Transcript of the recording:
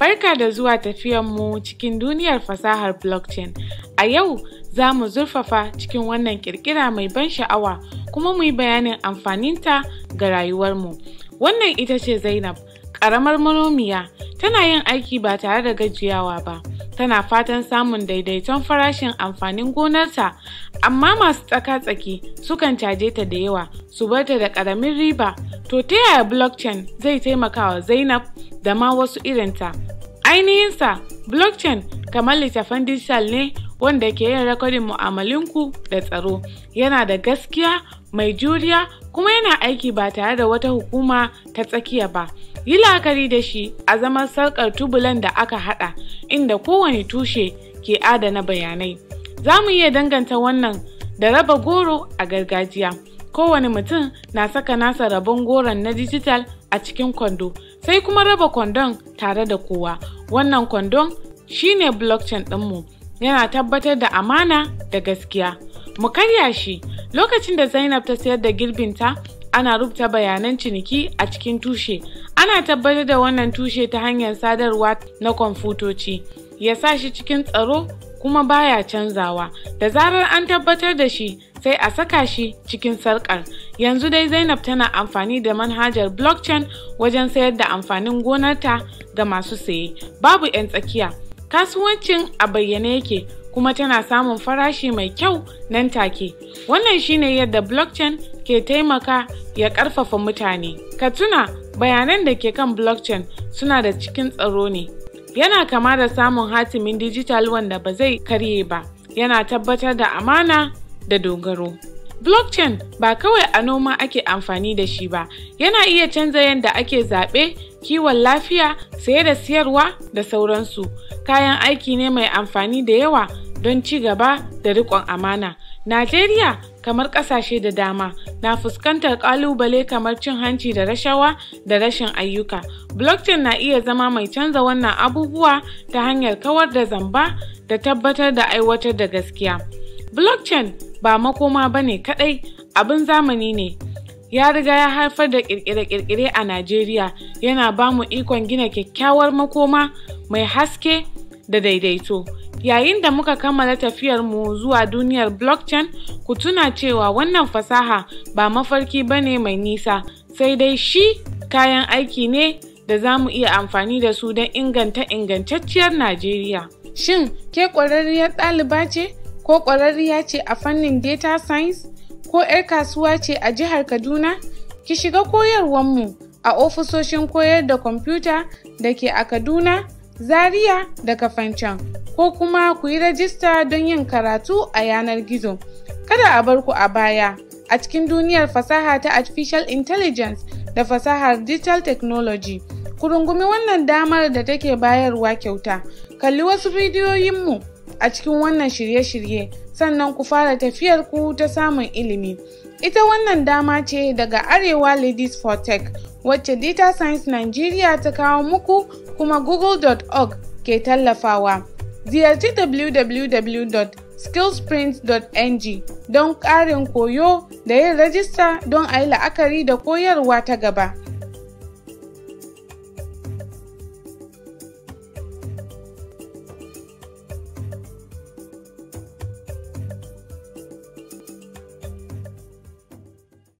Barka da zuwa mu cikin duniyar fasahar blockchain. A yau za mu zurfafa cikin wannan kirkira mai ban sha'awa kuma mu yi bayanin amfaninta ga rayuwarmu. Wannan ita ce Zainab, ƙaramar manomiya tana yin aiki ba tare da gajiyawa ba tana fatan samun daidaiton farashin amfanin gonarta amma masu tsaka-tsaki sukan caje ta da yawa su bar ta da ƙaramin riba to ta yaya blockchain zai taimaka wa zainab da ma wasu irinta ainihinsa blockchain kamar littafan digital ne wanda ke yin rekodin mu'amalinku da tsaro yana da gaskiya mai juriya kuma yana aiki ba tare da wata hukuma ta tsakiya ba Yi la'akari da shi a zaman sarkar tubulan da aka haɗa inda kowane tushe ke adana bayanai. Za mu iya danganta wannan da raba goro a gargajiya. Kowane mutum na saka nasa rabon goron na dijital a cikin kwando, sai kuma raba kwandon tare da kowa. Wannan kwandon shine blockchain ɗinmu, yana tabbatar da amana da gaskiya. Mu karya shi lokacin da Zainab ta sayar da girbinta ana rubuta bayanan ciniki a cikin tushe ana tabbatar da wannan tushe ta hanyar sadarwa na kwamfutoci ya sa shi cikin tsaro kuma baya canzawa da zarar an tabbatar da shi sai a saka shi cikin sarkar yanzu dai zainab tana amfani da manhajar blockchain wajen sayar da amfanin gonarta ga masu saye babu 'yan tsakiya kasuwancin a bayyane yake kuma tana samun farashi mai kyau nan take wannan shine yadda blockchain ke taimaka ya ƙarfafa mutane. Ka tuna bayanan da ke kan blockchain suna da cikin tsaro ne. Yana kama da samun hatimin digital wanda ba zai karye ba, yana tabbatar da amana da dogaro. Blockchain ba kawai a noma ake amfani da shi ba, yana iya canza yadda ake zaɓe, kiwon lafiya, saye da siyarwa da sauransu. Kayan aiki ne mai amfani da yawa don ci gaba da riƙon amana. Najeriya kamar ƙasashe da dama na fuskantar ƙalubale kamar cin hanci da rashawa da rashin ayyuka. Blockchain na iya zama mai canza wannan abubuwa ta hanyar kawar da zamba da tabbatar da aiwatar da gaskiya. Blockchain ba makoma ba ne kaɗai abin zamani ne. Ya riga ya haifar da ƙirƙire-ƙirƙire a Najeriya yana bamu ikon gina kyakkyawar makoma mai haske da daidaito. Yayin da muka kammala mu zuwa duniyar blockchain, ku tuna cewa wannan fasaha ba mafarki ba ne mai nisa, sai dai shi kayan aiki ne da za mu iya amfani da su don inganta ingantacciyar Najeriya. Shin, ke ƙwararriyar ɗaliba ce ko ƙwararriya ce a fannin data science ko 'yar kasuwa ce a jihar Kaduna? Ki shiga koyarwarmu a ofisoshin koyar da kwamfuta da ke a Kaduna, Zaria da Kafancan. ko kuma ku yi rajista don yin karatu a yanar gizo. Kada a bar ku a baya a cikin duniyar fasaha ta artificial intelligence da fasahar digital technology. Ku rungumi wannan damar da take bayarwa kyauta. Kalli wasu bidiyoyinmu a cikin wannan shirye-shirye sannan ku fara tafiyar ku ta samun ilimi. Ita wannan dama ce daga Arewa Ladies for Tech wacce Data Science Nigeria ta kawo muku kuma google.org ke tallafawa. Ziyarci www.skillsprint.ng don ƙarin koyo da yin rajista don a yi la'akari da koyarwa ta gaba.